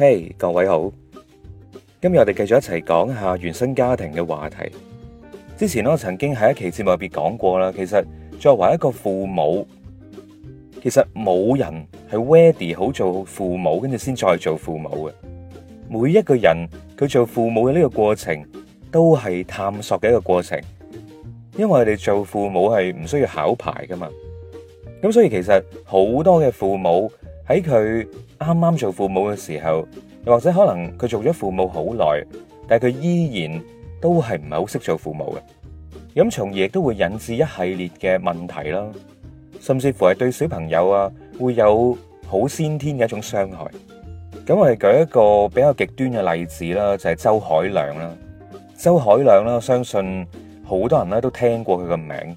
嘿，Hey，各位好！今日我哋繼續一齊講一下原生家庭嘅話題。之前我曾經喺一期節目入邊講過啦。其實作為一個父母，其實冇人係 ready 好做父母，跟住先再做父母嘅。每一個人佢做父母嘅呢個過程，都係探索嘅一個過程。因為我哋做父母係唔需要考牌噶嘛。咁所以其實好多嘅父母喺佢啱啱做父母嘅時候，又或者可能佢做咗父母好耐，但係佢依然都係唔係好識做父母嘅，咁從而亦都會引致一系列嘅問題啦，甚至乎係對小朋友啊會有好先天嘅一種傷害。咁我哋舉一個比較極端嘅例子啦，就係周海亮啦，周海亮啦，我相信好多人咧都聽過佢嘅名。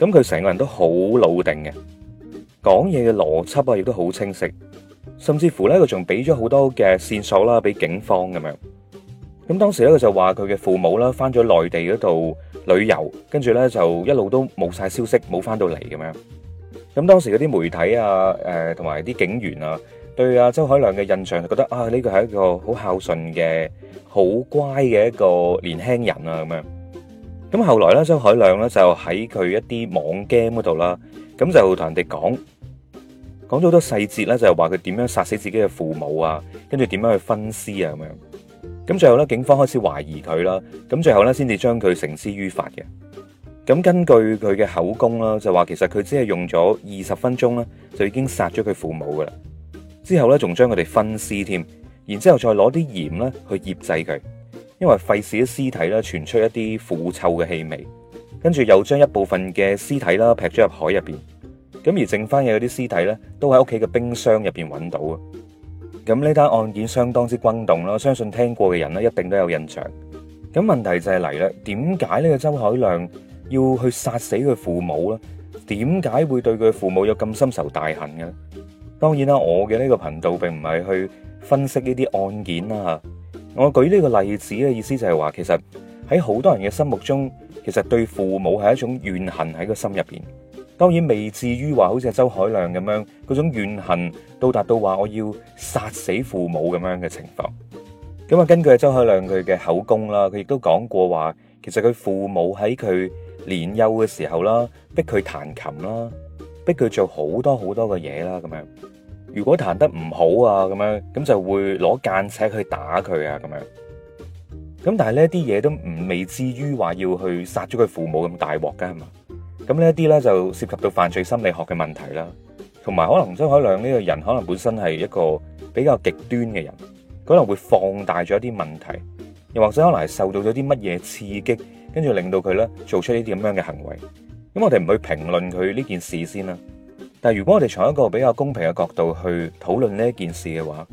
咁佢成個人都好老定嘅，講嘢嘅邏輯啊，亦都好清晰，甚至乎咧佢仲俾咗好多嘅線索啦，俾警方咁樣。咁當時咧佢就話佢嘅父母啦，翻咗內地嗰度旅遊，跟住咧就一路都冇晒消息，冇翻到嚟咁樣。咁當時嗰啲媒體啊，誒同埋啲警員啊，對阿周海亮嘅印象就覺得啊，呢個係一個好孝順嘅、好乖嘅一個年輕人啊咁樣。咁後來咧，張海亮咧就喺佢一啲網 game 嗰度啦，咁就同人哋講，講咗好多細節咧，就係話佢點樣殺死自己嘅父母啊，跟住點樣去分屍啊咁樣。咁最後咧，警方開始懷疑佢啦，咁最後咧先至將佢繩之於法嘅。咁根據佢嘅口供啦，就話其實佢只係用咗二十分鐘咧，就已經殺咗佢父母噶啦，之後咧仲將佢哋分屍添，然之後再攞啲鹽咧去腌製佢。因為費事啲屍體咧傳出一啲腐臭嘅氣味，跟住又將一部分嘅屍體啦劈咗入海入邊，咁而剩翻嘅啲屍體咧都喺屋企嘅冰箱入邊揾到啊！咁呢單案件相當之轟動啦，相信聽過嘅人咧一定都有印象。咁問題就係嚟啦，點解呢個周海亮要去殺死佢父母咧？點解會對佢父母有咁深仇大恨嘅？當然啦，我嘅呢個頻道並唔係去分析呢啲案件啦，啊。我舉呢個例子嘅意思就係話，其實喺好多人嘅心目中，其實對父母係一種怨恨喺個心入邊。當然未至於話好似周海亮咁樣，嗰種怨恨到達到話我要殺死父母咁樣嘅情況。咁啊，根據周海亮佢嘅口供啦，佢亦都講過話，其實佢父母喺佢年幼嘅時候啦，逼佢彈琴啦，逼佢做好多好多嘅嘢啦，咁樣。如果彈得唔好啊，咁樣咁就會攞間尺去打佢啊，咁樣。咁但係呢啲嘢，都唔未至於話要去殺咗佢父母咁大鑊噶係嘛？咁呢一啲呢，就涉及到犯罪心理學嘅問題啦，同埋可能張海亮呢個人可能本身係一個比較極端嘅人，可能會放大咗一啲問題，又或者可能係受到咗啲乜嘢刺激，跟住令到佢呢做出呢啲咁樣嘅行為。咁我哋唔去評論佢呢件事先啦。但係如果我哋從一個比較公平嘅角度去討論呢一件事嘅話，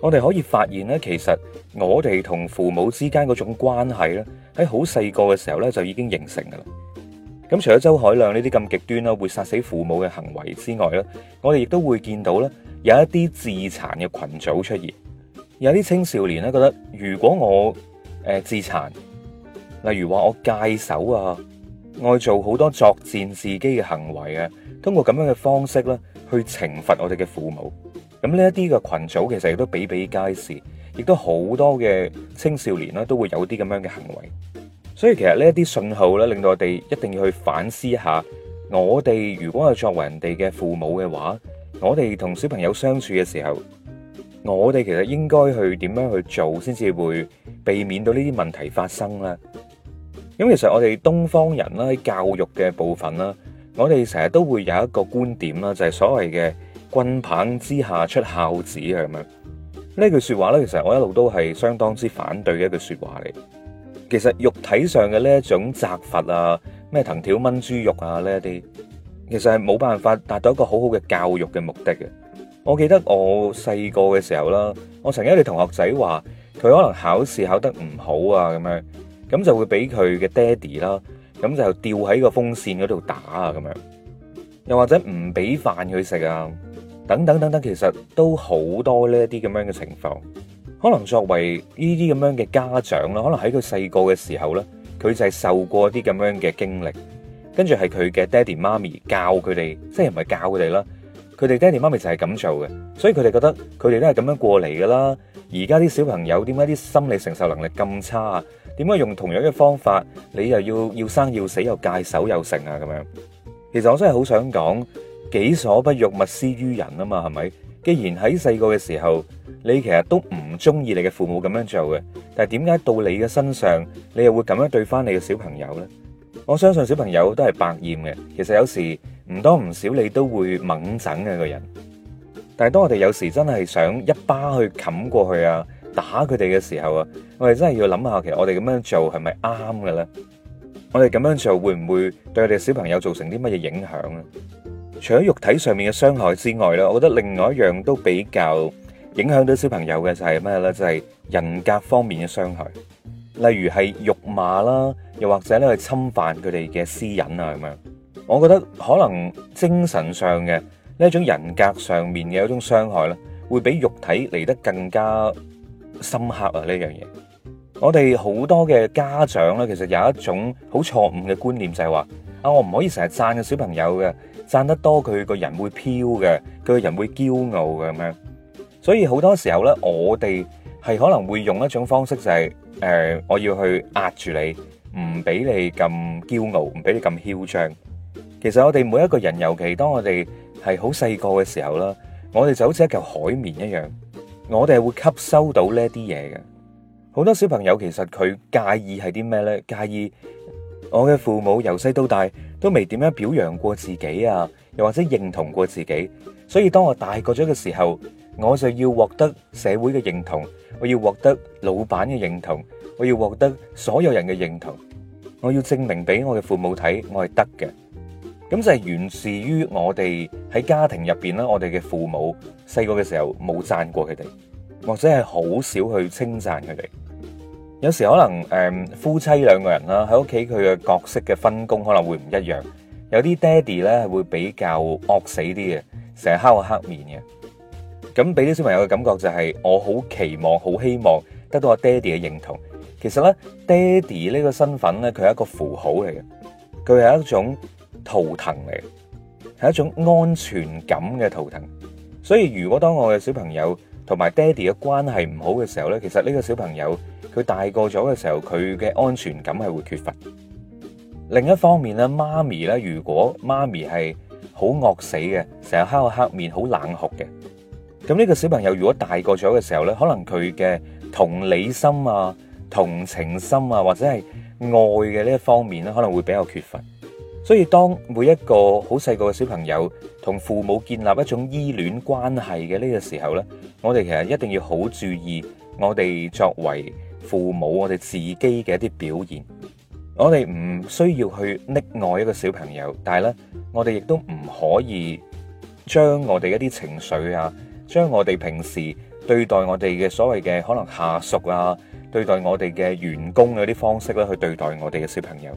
我哋可以發現咧，其實我哋同父母之間嗰種關係咧，喺好細個嘅時候咧就已經形成噶啦。咁除咗周海亮呢啲咁極端啦，會殺死父母嘅行為之外咧，我哋亦都會見到咧有一啲自殘嘅群組出現，有啲青少年咧覺得如果我誒、呃、自殘，例如話我戒手啊。愛做好多作戰自己嘅行為啊，通過咁樣嘅方式咧，去懲罰我哋嘅父母。咁呢一啲嘅群組其實亦都比比皆是，亦都好多嘅青少年啦都會有啲咁樣嘅行為。所以其實呢一啲信號咧，令到我哋一定要去反思一下，我哋如果係作為人哋嘅父母嘅話，我哋同小朋友相處嘅時候，我哋其實應該去點樣去做，先至會避免到呢啲問題發生呢？咁其實我哋東方人啦，喺教育嘅部分啦，我哋成日都會有一個觀點啦，就係所謂嘅棍棒之下出孝子啊咁樣。呢句說話咧，其實我一路都係相當之反對嘅一句說話嚟。其實肉體上嘅呢一種責罰啊，咩藤條炆豬肉啊呢一啲，其實係冇辦法達到一個好好嘅教育嘅目的嘅。我記得我細個嘅時候啦，我曾經有啲同學仔話，佢可能考試考得唔好啊咁樣。咁就會俾佢嘅爹哋啦，咁就吊喺個風扇嗰度打啊，咁樣又或者唔俾飯佢食啊，等等等等，其實都好多呢一啲咁樣嘅情況。可能作為呢啲咁樣嘅家長啦，可能喺佢細個嘅時候咧，佢就係受過啲咁樣嘅經歷，跟住係佢嘅爹哋媽咪教佢哋，即係唔係教佢哋啦？佢哋爹哋媽咪就係咁做嘅，所以佢哋覺得佢哋都係咁樣過嚟㗎啦。而家啲小朋友點解啲心理承受能力咁差啊？點解用同樣嘅方法，你又要要生要死又戒手又成啊？咁樣，其實我真係好想講，己所不欲，勿施於人啊嘛，係咪？既然喺細個嘅時候，你其實都唔中意你嘅父母咁樣做嘅，但係點解到你嘅身上，你又會咁樣對翻你嘅小朋友呢？我相信小朋友都係百厭嘅。其實有時唔多唔少，你都會猛整嘅個人。但係當我哋有時真係想一巴去冚過去啊！打佢哋嘅時候啊，我哋真係要諗下，其實我哋咁樣做係咪啱嘅咧？我哋咁樣做會唔會對我哋小朋友造成啲乜嘢影響咧？除咗肉體上面嘅傷害之外咧，我覺得另外一樣都比較影響到小朋友嘅就係咩咧？就係人格方面嘅傷害，例如係辱罵啦，又或者咧去侵犯佢哋嘅私隱啊，咁樣。我覺得可能精神上嘅呢一種人格上面嘅一種傷害咧，會比肉體嚟得更加深刻啊！呢樣嘢，我哋好多嘅家長咧，其實有一種好錯誤嘅觀念就係話，啊，我唔可以成日讚個小朋友嘅，讚得多佢個人會飄嘅，佢個人會驕傲嘅咁樣。所以好多時候咧，我哋係可能會用一種方式就係，誒，我要去壓住你，唔俾你咁驕傲，唔俾你咁囂張。其實我哋每一個人，尤其當我哋係好細個嘅時候啦，我哋就好似一嚿海綿一樣。我哋係會吸收到呢一啲嘢嘅，好多小朋友其實佢介意係啲咩呢？介意我嘅父母由細到大都未點樣表揚過自己啊，又或者認同過自己。所以當我大個咗嘅時候，我就要獲得社會嘅認同，我要獲得老闆嘅認同，我要獲得所有人嘅認同，我要證明俾我嘅父母睇，我係得嘅。咁就係源自於我哋喺家庭入邊啦，我哋嘅父母細個嘅時候冇讚過佢哋，或者係好少去稱讚佢哋。有時可能誒夫妻兩個人啦，喺屋企佢嘅角色嘅分工可能會唔一樣。有啲爹哋咧會比較惡死啲嘅，成日敲個黑面嘅。咁俾啲小朋友嘅感覺就係我好期望，好希望得到我爹哋嘅認同。其實咧，爹哋呢個身份咧，佢係一個符號嚟嘅，佢係一種。圖騰嚟，係一種安全感嘅圖騰。所以如果當我嘅小朋友同埋爹哋嘅關係唔好嘅時候呢，其實呢個小朋友佢大個咗嘅時候，佢嘅安全感係會缺乏。另一方面呢，媽咪呢，如果媽咪係好惡死嘅，成日敲個黑面，好冷酷嘅，咁呢個小朋友如果大個咗嘅時候呢，可能佢嘅同理心啊、同情心啊，或者係愛嘅呢一方面可能會比較缺乏。所以，當每一個好細個嘅小朋友同父母建立一種依戀關係嘅呢個時候呢，我哋其實一定要好注意我哋作為父母我哋自己嘅一啲表現。我哋唔需要去溺愛一個小朋友，但係咧，我哋亦都唔可以將我哋一啲情緒啊，將我哋平時對待我哋嘅所謂嘅可能下屬啊，對待我哋嘅員工嗰啲方式咧，去對待我哋嘅小朋友。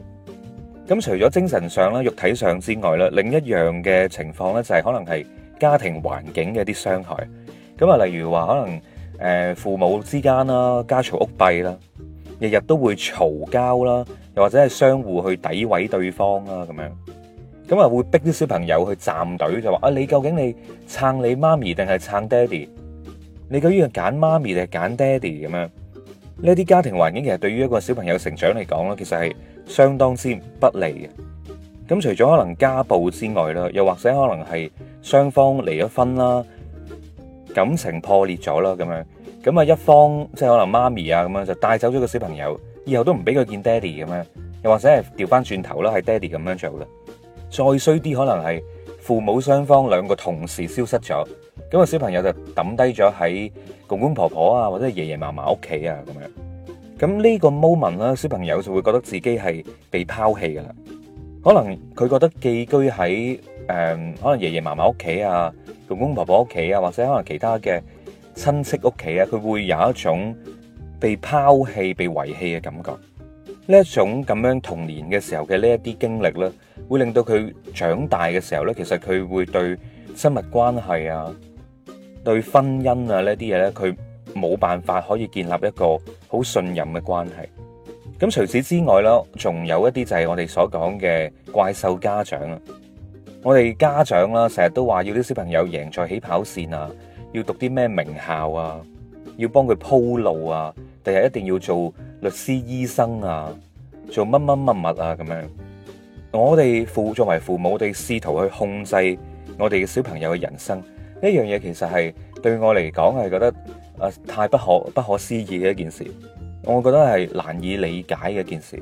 咁除咗精神上啦、肉體上之外咧，另一樣嘅情況咧就係可能係家庭環境嘅一啲傷害。咁啊，例如話可能誒父母之間啦、家嘈屋閉啦，日日都會嘈交啦，又或者係相互去詆毀對方啦咁樣。咁啊，會逼啲小朋友去站隊，就話啊，你究竟你撐你媽咪定係撐爹哋？你究竟要揀媽咪定係揀爹哋咁樣？呢一啲家庭環境其實對於一個小朋友成長嚟講咧，其實係相當之不利嘅，咁除咗可能家暴之外啦，又或者可能係雙方離咗婚啦，感情破裂咗啦，咁樣，咁啊一方即係可能媽咪啊咁樣就帶走咗個小朋友，以後都唔俾佢見爹哋咁樣，又或者係調翻轉頭啦，係爹哋咁樣做嘅，再衰啲可能係父母雙方兩個同時消失咗，咁個小朋友就抌低咗喺公公婆婆啊或者爺爺嫲嫲屋企啊咁樣。咁呢個 moment 啦，小朋友就會覺得自己係被拋棄噶啦，可能佢覺得寄居喺誒，可能爺爺嫲嫲屋企啊，公公婆婆屋企啊，或者可能其他嘅親戚屋企啊，佢會有一種被拋棄、被遺棄嘅感覺。呢一種咁樣童年嘅時候嘅呢一啲經歷咧，會令到佢長大嘅時候咧，其實佢會對親密關係啊、對婚姻啊呢一啲嘢咧，佢。冇辦法可以建立一個好信任嘅關係。咁除此之外啦，仲有一啲就係我哋所講嘅怪獸家長啦。我哋家長啦，成日都話要啲小朋友贏在起跑線啊，要讀啲咩名校啊，要幫佢鋪路啊，第日一定要做律師、醫生啊，做乜乜乜物啊，咁樣。我哋父作為父母，我哋試圖去控制我哋嘅小朋友嘅人生呢樣嘢，其實係對我嚟講係覺得。太不可不可思議嘅一件事，我覺得係難以理解嘅一件事。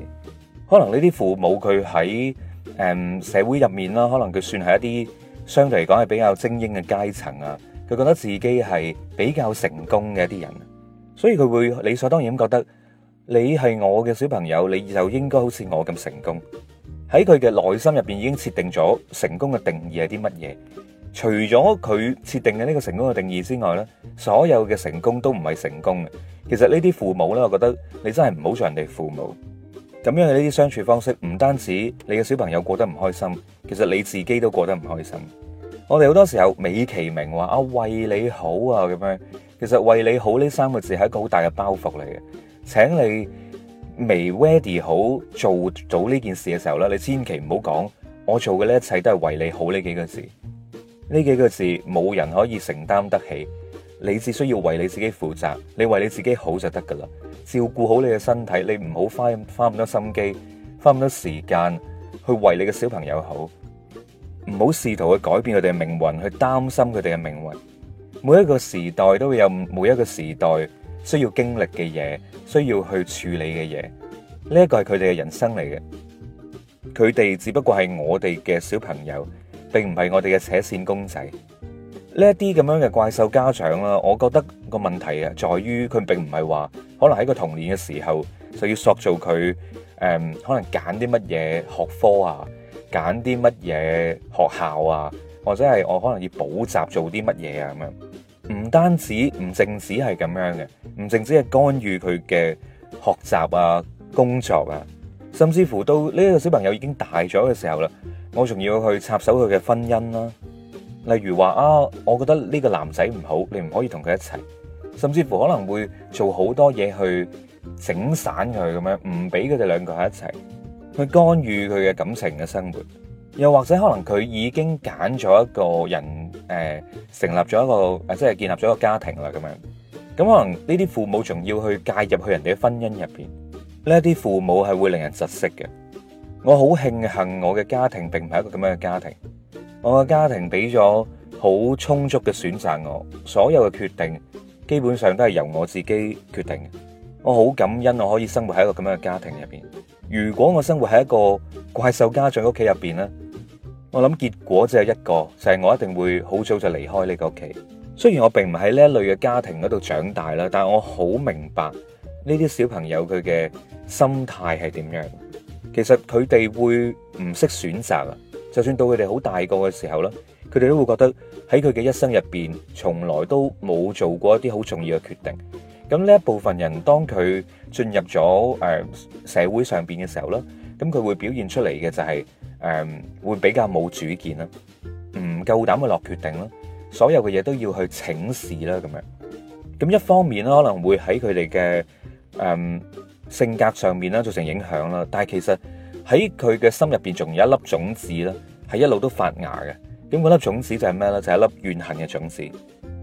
可能呢啲父母佢喺、嗯、社會入面啦，可能佢算係一啲相對嚟講係比較精英嘅階層啊。佢覺得自己係比較成功嘅一啲人，所以佢會理所當然咁覺得你係我嘅小朋友，你就應該好似我咁成功。喺佢嘅內心入邊已經設定咗成功嘅定義係啲乜嘢？除咗佢設定嘅呢個成功嘅定義之外呢，所有嘅成功都唔係成功嘅。其實呢啲父母呢，我覺得你真係唔好做人哋父母咁樣嘅呢啲相處方式，唔單止你嘅小朋友過得唔開心，其實你自己都過得唔開心。我哋好多時候美其名話啊為你好啊咁樣，其實為你好呢三個字係一個好大嘅包袱嚟嘅。請你未 ready 好做到呢件事嘅時候呢，你千祈唔好講我做嘅呢一切都係為你好呢幾個字。呢幾個字冇人可以承擔得起，你只需要為你自己負責，你為你自己好就得噶啦。照顧好你嘅身體，你唔好花花咁多心機，花咁多時間去為你嘅小朋友好，唔好試圖去改變佢哋嘅命運，去擔心佢哋嘅命運。每一個時代都會有每一個時代需要經歷嘅嘢，需要去處理嘅嘢。呢一個係佢哋嘅人生嚟嘅，佢哋只不過係我哋嘅小朋友。並唔係我哋嘅扯線公仔，呢一啲咁樣嘅怪獸家長啦、啊，我覺得個問題啊，在於佢並唔係話可能喺個童年嘅時候就要塑造佢，誒、嗯，可能揀啲乜嘢學科啊，揀啲乜嘢學校啊，或者係我可能要補習做啲乜嘢啊咁樣，唔單止唔淨止係咁樣嘅，唔淨止係干預佢嘅學習啊、工作啊，甚至乎到呢個小朋友已經大咗嘅時候啦。我仲要去插手佢嘅婚姻啦，例如話啊，我覺得呢個男仔唔好，你唔可以同佢一齊，甚至乎可能會做好多嘢去整散佢咁樣，唔俾佢哋兩個喺一齊，去干預佢嘅感情嘅生活，又或者可能佢已經揀咗一個人，誒，成立咗一個，誒，即係建立咗一個家庭啦，咁樣，咁可能呢啲父母仲要去介入去人哋嘅婚姻入邊，呢啲父母係會令人窒息嘅。我好慶幸我嘅家庭並唔係一個咁樣嘅家庭，我嘅家庭俾咗好充足嘅選擇我，所有嘅決定基本上都係由我自己決定的。我好感恩我可以生活喺一個咁樣嘅家庭入邊。如果我生活喺一個怪獸家長屋企入邊咧，我諗結果只係一個，就係我一定會好早就離開呢個屋企。雖然我並唔喺呢一類嘅家庭嗰度長大啦，但我好明白呢啲小朋友佢嘅心態係點樣。其實佢哋會唔識選擇啊！就算到佢哋好大個嘅時候啦，佢哋都會覺得喺佢嘅一生入邊，從來都冇做過一啲好重要嘅決定。咁呢一部分人，當佢進入咗誒社會上邊嘅時候啦，咁佢會表現出嚟嘅就係誒會比較冇主見啦，唔夠膽去落決定啦，所有嘅嘢都要去請示啦，咁樣。咁一方面啦，可能會喺佢哋嘅誒。性格上面啦，造成影響啦，但係其實喺佢嘅心入邊仲有一粒種子啦，係一路都發芽嘅。咁嗰粒種子就係咩咧？就係、是、一粒怨恨嘅種子。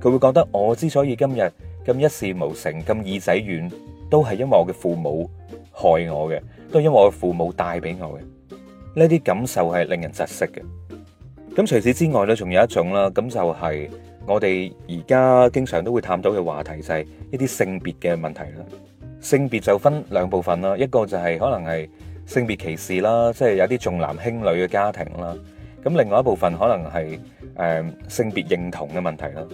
佢會覺得我之所以今日咁一事無成，咁耳仔軟，都係因為我嘅父母害我嘅，都係因為我嘅父母帶俾我嘅。呢啲感受係令人窒息嘅。咁除此之外咧，仲有一種啦，咁就係我哋而家經常都會探討嘅話題，就係、是、一啲性別嘅問題啦。性別就分兩部分啦，一個就係可能係性別歧視啦，即係有啲重男輕女嘅家庭啦。咁另外一部分可能係誒性別認同嘅問題啦。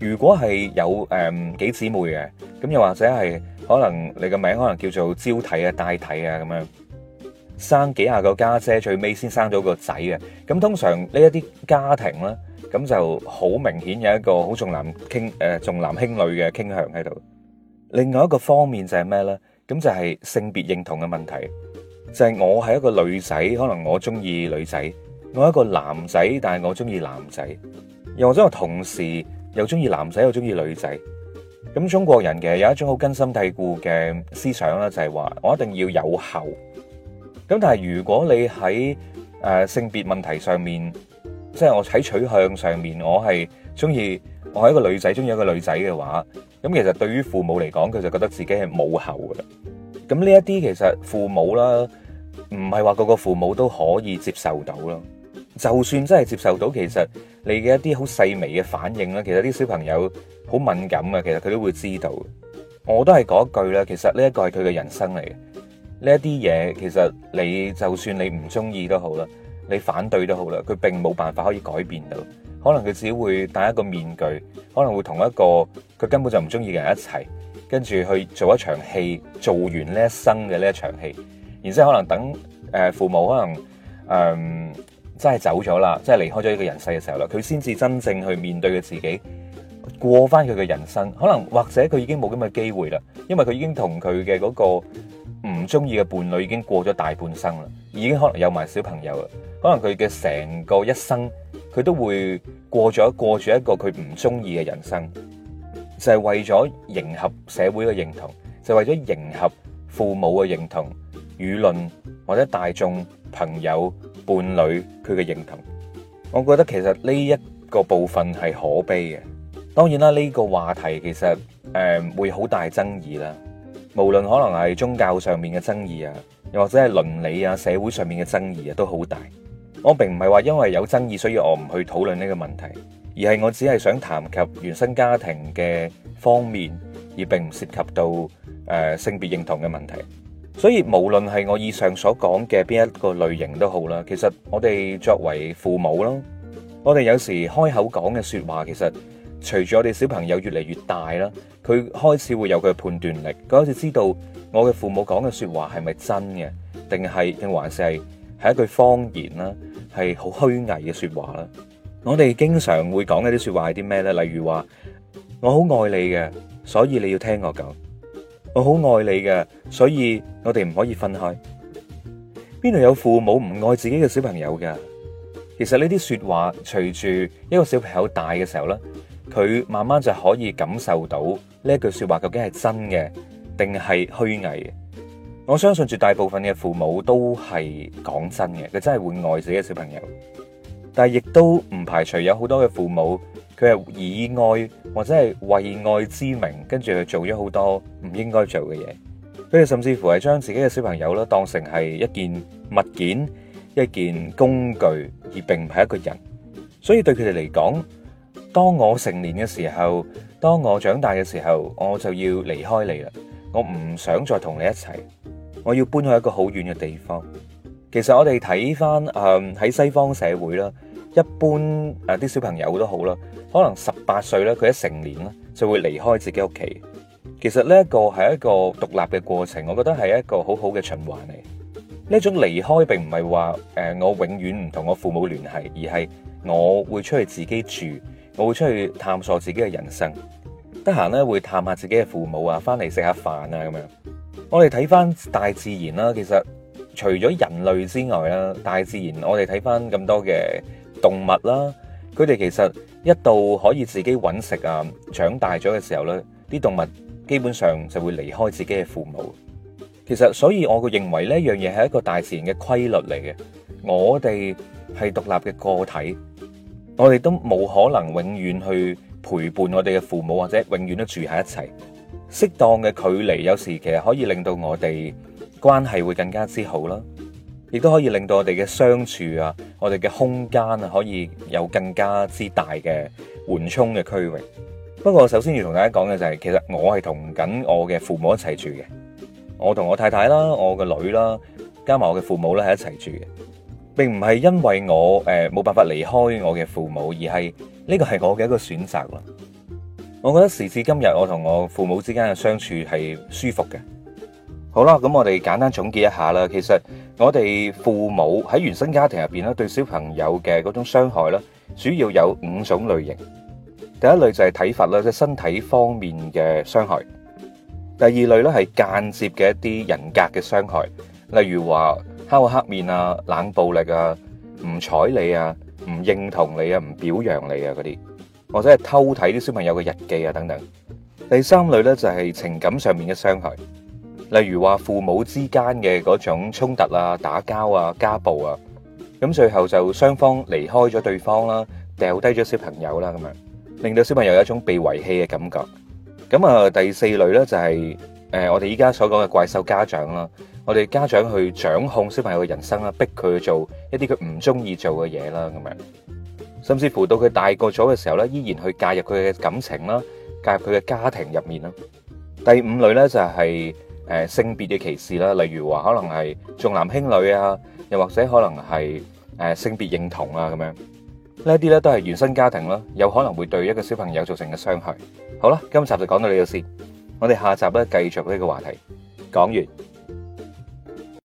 如果係有誒幾姊妹嘅，咁又或者係可能你個名可能叫做招娣啊、帶娣啊咁樣，生幾下個家姐，最尾先生咗個仔嘅。咁通常呢一啲家庭咧，咁就好明顯有一個好重男傾誒重男輕女嘅傾向喺度。另外一個方面就係咩呢？咁就係性別認同嘅問題，就係我係一個女仔，可能我中意女仔；我係一個男仔，但係我中意男，男仔；又或者我同時又中意男仔又中意女仔。咁中國人嘅有一種好根深蒂固嘅思想啦，就係話我一定要有後。咁但係如果你喺誒性別問題上面，即係我喺取向上面，我係。中意我係一個女仔，中意一個女仔嘅話，咁其實對於父母嚟講，佢就覺得自己係冇後嘅啦。咁呢一啲其實父母啦，唔係話個個父母都可以接受到囉。就算真係接受到，其實你嘅一啲好細微嘅反應啦，其實啲小朋友好敏感呀，其實佢都會知道。我都係嗰句啦，其實呢一個係佢嘅人生嚟嘅。呢一啲嘢，其實你就算你唔中意都好啦，你反對都好啦，佢並冇辦法可以改變到。可能佢只會戴一個面具，可能會同一個佢根本就唔中意嘅人一齊，跟住去做一場戲，做完呢一生嘅呢一場戲，然之後可能等誒父母可能嗯真係走咗啦，即係離開咗呢個人世嘅時候啦，佢先至真正去面對佢自己，過翻佢嘅人生。可能或者佢已經冇咁嘅機會啦，因為佢已經同佢嘅嗰個，唔中意嘅伴侶已經過咗大半生啦，已經可能有埋小朋友啦，可能佢嘅成個一生，佢都會過咗過住一個佢唔中意嘅人生，就係、是、為咗迎合社會嘅認同，就係、為咗迎合父母嘅認同、輿論或者大眾、朋友、伴侶佢嘅認同。我覺得其實呢一個部分係可悲嘅。當然啦，呢、呢個話題其實誒、嗯、會好大爭議啦。無論可能係宗教上面嘅爭議啊，又或者係倫理啊、社會上面嘅爭議啊，都好大。我並唔係話因為有爭議，所以我唔去討論呢個問題，而係我只係想談及原生家庭嘅方面，而並唔涉及到誒性別認同嘅問題。所以無論係我以上所講嘅邊一個類型都好啦，其實我哋作為父母囉，我哋有時開口講嘅說話，其實。隨住我哋小朋友越嚟越大啦，佢開始會有佢嘅判斷力，佢開始知道我嘅父母講嘅說話係咪真嘅，定係還是係一句謊言啦，係好虛偽嘅說話啦。我哋經常會講一啲說話係啲咩咧？例如話我好愛你嘅，所以你要聽我講。我好愛你嘅，所以我哋唔可以分開。邊度有父母唔愛自己嘅小朋友噶？其實呢啲說話隨住一個小朋友大嘅時候咧。佢慢慢就可以感受到呢句說話究竟係真嘅定係虛偽。我相信絕大部分嘅父母都係講真嘅，佢真係會愛自己嘅小朋友。但係亦都唔排除有好多嘅父母，佢係以愛或者係為愛之名，跟住去做咗好多唔應該做嘅嘢，佢哋甚至乎係將自己嘅小朋友咧，當成係一件物件、一件工具，而並唔係一個人。所以對佢哋嚟講，當我成年嘅時候，當我長大嘅時候，我就要離開你了。我唔想再同你一齊，我要搬去一個好遠嘅地方。其實我哋睇翻，誒喺西方社會啦，一般誒啲，啊，小朋友都好啦，可能十八歲咧，佢一成年咧就會離開自己屋企。其實呢一個係一個獨立嘅過程，我覺得係一個很好好嘅循環嚟。呢種離開並唔係話誒我永遠唔同我父母聯繫，而係我會出去自己住。我會出去探索自己嘅人生，得閒咧會探下自己嘅父母啊，翻嚟食下飯啊咁樣。我哋睇翻大自然啦，其實除咗人類之外啦，大自然我哋睇翻咁多嘅動物啦，佢哋其實一到可以自己揾食啊，長大咗嘅時候呢，啲動物基本上就會離開自己嘅父母。其實所以我嘅認為呢樣嘢係一個大自然嘅規律嚟嘅，我哋係獨立嘅個體。我哋都冇可能永遠去陪伴我哋嘅父母，或者永遠都住喺一齊。適當嘅距離，有時其實可以令到我哋關係會更加之好啦，亦都可以令到我哋嘅相處啊，我哋嘅空間啊，可以有更加之大嘅緩衝嘅區域。不過，首先要同大家講嘅就係，其實我係同緊我嘅父母一齊住嘅，我同我太太啦，我嘅女啦，加埋我嘅父母咧，係一齊住嘅。並唔係因為我誒冇辦法離開我嘅父母，而係呢個係我嘅一個選擇啦。我覺得時至今日，我同我父母之間嘅相處係舒服嘅。好啦，咁我哋簡單總結一下啦。其實我哋父母喺原生家庭入邊咧，對小朋友嘅嗰種傷害咧，主要有五種類型。第一類就係體罰啦，即係身體方面嘅傷害。第二類咧係間接嘅一啲人格嘅傷害，例如話。敲黑面啊，冷暴力啊，唔睬你啊，唔認同你啊，唔表揚你啊嗰啲，或者係偷睇啲小朋友嘅日記啊等等。第三類呢就係情感上面嘅傷害，例如話父母之間嘅嗰種衝突啊、打交啊、家暴啊，咁最後就雙方離開咗對方啦，掉低咗小朋友啦，咁樣令到小朋友有一種被遺棄嘅感覺。咁啊，第四類呢就係誒，我哋依家所講嘅怪獸家長啦。我哋家長去掌控小朋友嘅人生啦，逼佢去做一啲佢唔中意做嘅嘢啦，咁樣甚至乎到佢大個咗嘅時候咧，依然去介入佢嘅感情啦，介入佢嘅家庭入面啦。第五類咧就係誒性別嘅歧視啦，例如話可能係重男輕女啊，又或者可能係誒性別認同啊，咁樣呢一啲咧都係原生家庭啦，有可能會對一個小朋友造成嘅傷害。好啦，今集就講到呢度先，我哋下集咧繼續呢個話題講完。